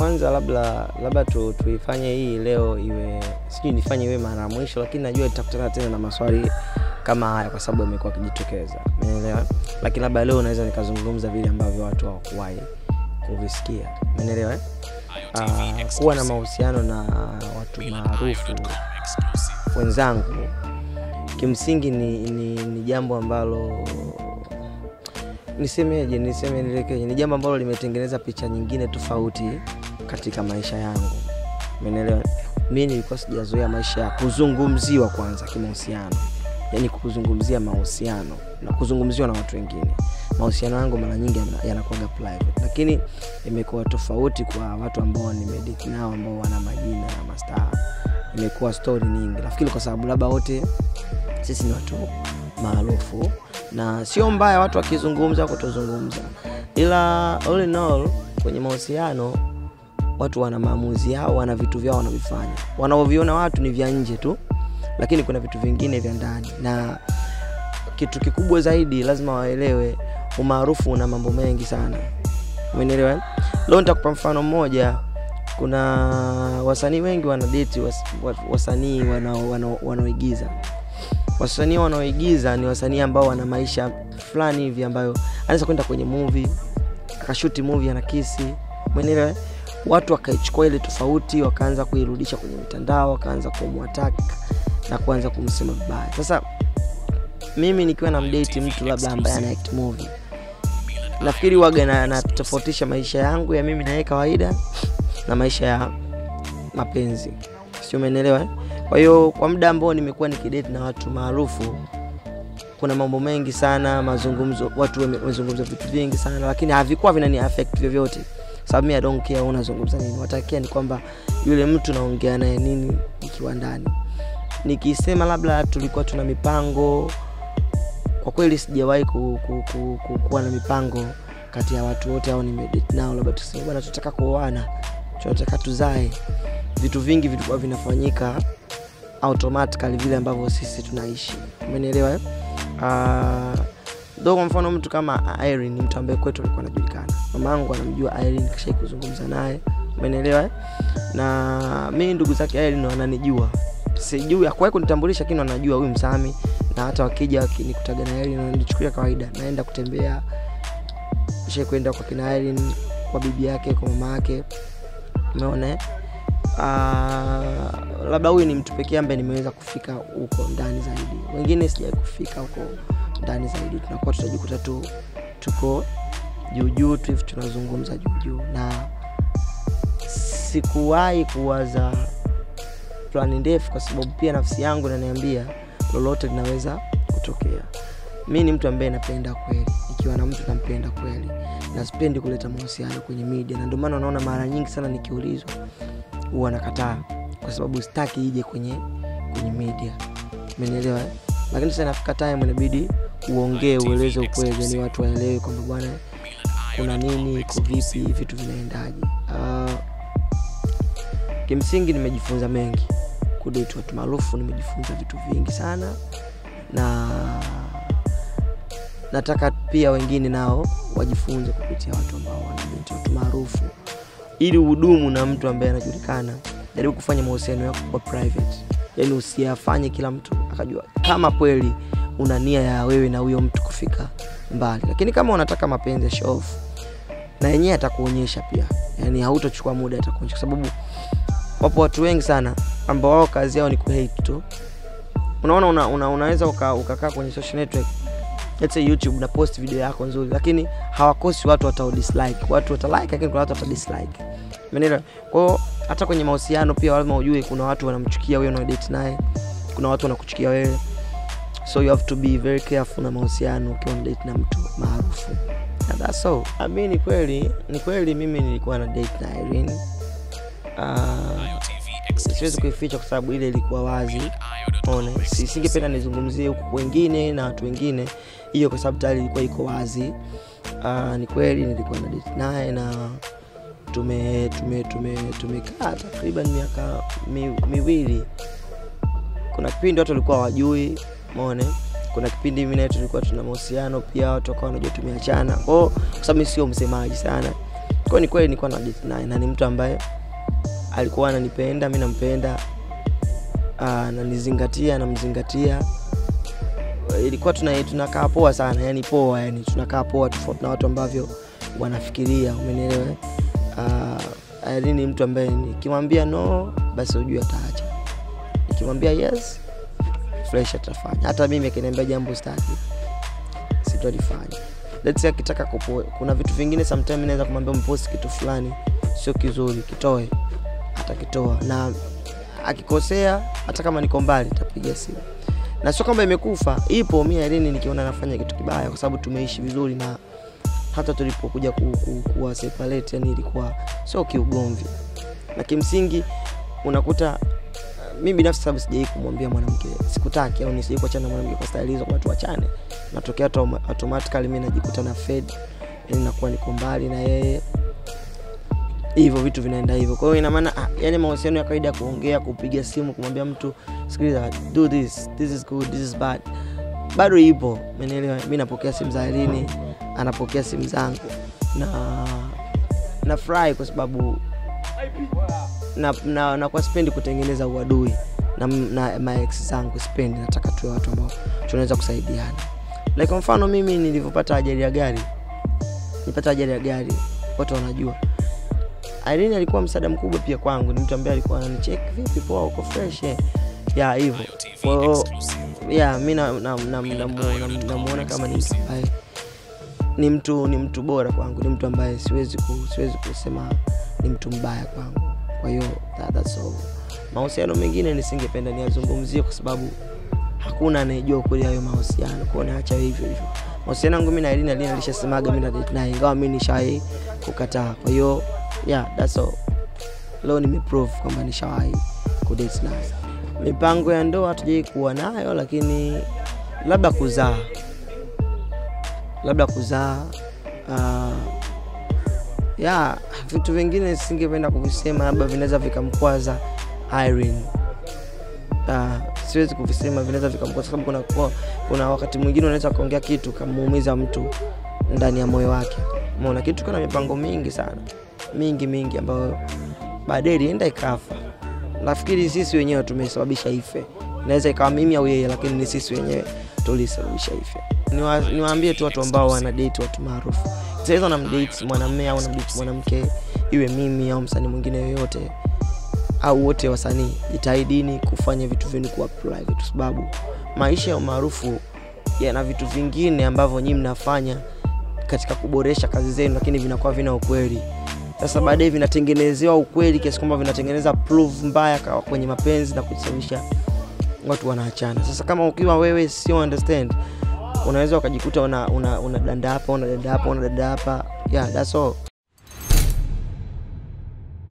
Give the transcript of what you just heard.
kwanza labda labda tu, tuifanye hii leo iwe sijui nifanye iwe mara mwisho, lakini najua nitakutana tena na maswali kama haya kwa sababu yamekuwa akijitokeza, umeelewa? Lakini labda leo naweza nikazungumza vile ambavyo watu hawakuwahi kuvisikia, umeelewa? Eh, kuwa na mahusiano na watu maarufu wenzangu kimsingi ni, ni, ni jambo ambalo nisemeje, niseme ni jambo ambalo limetengeneza picha nyingine tofauti katika maisha yangu menelewa mi nilikuwa sijazoea maisha ya kuzungumziwa kwanza kimahusiano yani kuzungumzia mahusiano na kuzungumziwa na watu wengine mahusiano yangu mara nyingi yanakuaga private lakini imekuwa tofauti kwa watu ambao nimediti nao ambao wana majina na mastaha imekuwa stori nyingi nafikiri kwa sababu labda wote sisi ni watu maarufu na sio mbaya watu wakizungumza kutozungumza ila all in all kwenye mahusiano watu wana maamuzi yao, wana vitu vyao wanavifanya. Wanaoviona watu ni vya nje tu, lakini kuna vitu vingine vya ndani, na kitu kikubwa zaidi lazima waelewe, umaarufu una mambo mengi sana. Umenielewa? Leo nitakupa mfano mmoja. Kuna wasanii wengi wanadeti was, wasanii wanaoigiza wasanii wanaoigiza ni wasanii ambao wana maisha fulani hivi ambayo anaweza kwenda kwenye movie akashuti movie kisi mwenelewe watu wakaichukua ile tofauti wakaanza kuirudisha kwenye mitandao wakaanza kumwataka na kuanza kumsema vibaya sasa mimi nikiwa na mdeti mtu labda ambaye ana act movie nafikiri waga na, natofautisha maisha yangu ya mimi naye kawaida na maisha ya mapenzi sio umeelewa eh? kwa hiyo kwa muda ambao nimekuwa nikideti na watu maarufu kuna mambo mengi sana mazungumzo watu wamezungumza vitu vingi sana lakini havikuwa vinani affect vyovyote sababu mi don't unazungumza nini watakia ni kwamba yule mtu naongea naye nini ikiwa ndani nikisema labda tulikuwa tuna mipango kwa kweli sijawahi ku, ku, ku, ku, kuwa na mipango kati ya watu wote au nimedate nao labda tuseme bwana tunataka kuoana tunataka tuzae vitu vingi vilikuwa vinafanyika automatically vile ambavyo sisi tunaishi umenielewa uh, Though kwa mfano mtu kama Irene ni mtu ambaye kwetu alikuwa anajulikana. Mamangu anamjua Irene kisha kuzungumza naye. Umeelewa? Eh? Na mimi ndugu zake Irene wananijua. Sijui hakuwahi kunitambulisha lakini wanajua huyu Msami na hata wakija wakinikutaga na Irene wananichukulia kawaida. Naenda kutembea kisha kwenda kwa kina Irene, kwa bibi yake, kwa mama yake. Umeona? Uh, labda huyu ni mtu pekee ambaye nimeweza kufika huko ndani zaidi. Wengine sijai kufika huko ndani zaidi tunakuwa tutajikuta tu tuko juujuu tu hivi tunazungumza juujuu na sikuwahi kuwaza plani ndefu kwa sababu pia nafsi yangu inaniambia lolote linaweza kutokea mi ni mtu ambaye napenda kweli ikiwa na mtu nampenda kweli na sipendi kuleta mahusiano kwenye media na ndio maana unaona mara nyingi sana nikiulizwa huwa nakataa kwa sababu sitaki ije kwenye kwenye media umenielewa lakini sasa nafika time inabidi uongee ueleze ukweli ni watu waelewe kwamba bwana kuna nini iko vipi vitu vinaendaji uh, ah, kimsingi nimejifunza mengi kudeti watu maarufu nimejifunza vitu vingi sana na nataka pia wengine nao wajifunze kupitia watu ambao wanadeti watu maarufu ili uhudumu na mtu ambaye anajulikana jaribu kufanya mahusiano yako kwa private yani usiyafanye kila mtu akajua kama kweli una nia ya wewe na huyo mtu kufika mbali lakini kama unataka mapenzi ya show off na yenyewe atakuonyesha pia yani hautochukua muda atakuonyesha kwa sababu wapo watu wengi sana ambao wao kazi yao ni kuhate tu unaona una, una, unaweza ukakaa uka uka, kwenye social network let's say youtube na post video yako nzuri lakini hawakosi watu watao dislike watu wata like lakini kuna watu wata watadislike umeelewa kwao hata kwenye mahusiano pia lazima ujue kuna watu wanamchukia wewe unao date naye kuna watu wanakuchukia wewe so you have to be very careful na mahusiano ukiwa date na mtu maarufu that's all ah, I mean, ni kweli ni kweli mimi nilikuwa na date na Irene uh, siwezi kuificha kwa sababu ile ilikuwa wazi one sisingependa nizungumzie huku wengine na watu wengine hiyo kwa sababu tayari ilikuwa iko wazi uh, ni kweli nilikuwa na date naye na tume tume tumekaa tume takriban miaka mi, miwili kuna kipindi watu walikuwa wajui mone kuna kipindi mimi naye tulikuwa tuna mahusiano pia watu wakawa wanajua tumeachana kwao kwa sababu mi sio msemaji sana kwa ni kweli nilikuwa na na ni mtu ambaye alikuwa ananipenda mimi nampenda ah, ananizingatia anamzingatia ilikuwa tuna, tunakaa poa sana yani poa yani tunakaa poa tofauti na watu ambavyo wanafikiria umenielewa uh, ni mtu ambaye nikimwambia no basi ujue ataacha nikimwambia yes fresh atafanya hata mimi akiniambia jambo staki sitalifanya let's say akitaka kupo kuna vitu vingine sometimes naweza kumwambia mpost kitu fulani sio kizuri kitoe atakitoa na akikosea hata kama niko mbali tapiga simu na sio kwamba imekufa ipo mia lini nikiona nafanya kitu kibaya kwa sababu tumeishi vizuri na hata tulipokuja ku, ku, kuwa separate yani ilikuwa sio kiugomvi na kimsingi unakuta mi binafsi sababu sijai kumwambia mwanamke sikutaki au nisijai kuachana na mwanamke kwa staili hizo kwa watu wachane natokea automatically mi najikuta na fed nakuwa niko mbali na yeye hivyo vitu vinaenda hivyo kwa hiyo inamaana ah, yani mahusiano ya kawaida ya kuongea kupiga simu kumwambia mtu sikiliza do this this is good this is bad bado ipo menelewa mi napokea simu za elini anapokea simu zangu na nafurahi kwa sababu na, na, na kwa sipendi kutengeneza uadui na, na maex zangu sipendi nataka tuwe watu ambao tunaweza kusaidiana like mfano mimi nilivyopata ajali ya gari nipata ajali ya gari watu wanajua Irene alikuwa msaada mkubwa pia kwangu ni mtu ambaye alikuwa ananicheck vipi poa uko fresh eh? ya hivyo kwa hiyo ya mi namuona kama ni mtu ambaye ni mtu ni mtu bora kwangu ni mtu ambaye siwezi ku, siwezi kusema ni mtu mbaya kwangu kwa hiyo that, that's all mahusiano mengine nisingependa niyazungumzie kwa sababu hakuna anayejua ukweli hayo mahusiano kwao niacha hivyo hivyo mahusiano yangu mi na elina elina alishasemaga mi ingawa mi nishawahi kukataa kwa hiyo yeah that's all leo nimeprove kwamba nishawahi kudate naye mipango ya ndoa hatujai kuwa nayo lakini labda kuzaa labda kuzaa uh, ya vitu vingine singependa kuvisema labda vinaweza vikamkwaza Irene. Uh, siwezi kuvisema vinaweza vikamkwaza sababu kuna, kuna wakati mwingine unaweza kuongea kitu kamuumiza mtu ndani ya moyo wake umeona kitu kana mipango mingi sana mingi mingi ambayo baadaye ilienda ikafa nafikiri sisi wenyewe tumesababisha ife naweza ikawa mimi au yeye lakini ni sisi wenyewe tulisababisha ife niwaambie tu watu ambao wana date watu maarufu na mdate mwanamme au wanamdate mwanamke iwe mimi au msanii mwingine yoyote au wote wasanii jitahidini kufanya vitu vyenu kuwa private sababu maisha ya umaarufu yana vitu vingine ambavyo nyii mnafanya katika kuboresha kazi zenu lakini vinakuwa vina ukweli sasa baadaye vinatengenezewa ukweli kiasi kwamba vinatengeneza proof mbaya kwenye mapenzi na kusababisha watu wanaachana sasa kama ukiwa wewe sio understand unaweza ukajikuta una, una, una danda hapa una danda hapa una danda hapa yeah, that's all